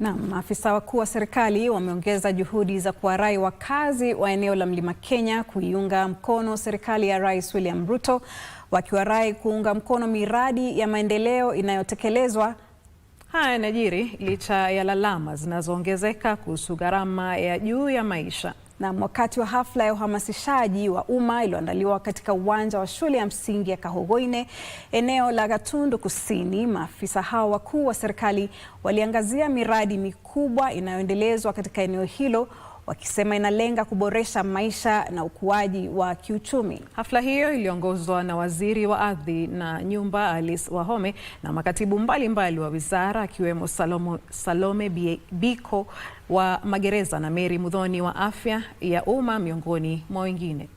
Na maafisa wakuu wa serikali wameongeza juhudi za kuwarai wakazi wa eneo la Mlima Kenya kuiunga mkono serikali ya Rais William Ruto, wakiwarai kuunga mkono miradi ya maendeleo inayotekelezwa. Haya yanajiri licha ya lalama zinazoongezeka kuhusu gharama ya juu ya maisha. Na wakati wa hafla ya uhamasishaji wa umma iliyoandaliwa katika uwanja wa shule ya msingi ya Kahogoine eneo la Gatundu Kusini, maafisa hao wakuu wa serikali waliangazia miradi mikubwa inayoendelezwa katika eneo hilo wakisema inalenga kuboresha maisha na ukuaji wa kiuchumi. Hafla hiyo iliongozwa na Waziri wa Ardhi na Nyumba Alice Wahome na makatibu mbalimbali mbali wa wizara akiwemo Salome Biko wa magereza na Mary Mudhoni wa afya ya umma miongoni mwa wengine.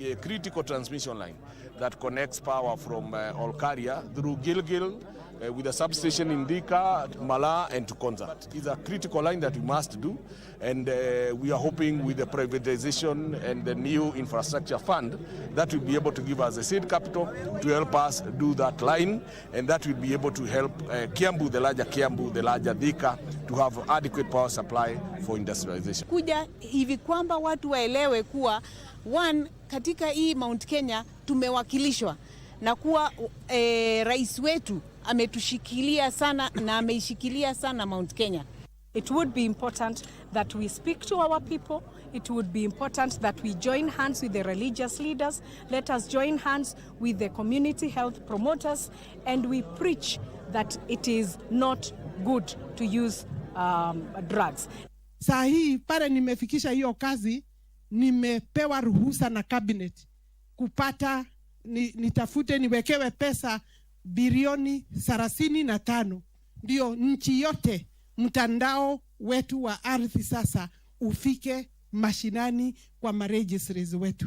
a critical transmission line that connects power from uh, Olkaria through Gilgil uh, with a substation in Dika, Mala and to Konzat. It's a critical line that we must do and uh, we are hoping with the privatization and the new infrastructure fund that will be able to give us a seed capital to help us do that line and that will be able to help uh, Kiambu, the larger Kiambu, the larger Dika. to have adequate power supply for industrialization. Kuja hivi kwamba watu waelewe kuwa one, katika hii Mount Kenya tumewakilishwa na kuwa e, rais wetu ametushikilia sana na ameishikilia sana Mount Kenya. It would be important that we speak to our people. It would be important that we join hands with the religious leaders. Let us join hands with the community health promoters and we preach that it is not good to use um, drugs. Saa hii pale nimefikisha hiyo kazi, nimepewa ruhusa na cabinet kupata ni, nitafute niwekewe pesa bilioni thelathini na tano ndio nchi yote mtandao wetu wa ardhi sasa ufike mashinani kwa marejistres wetu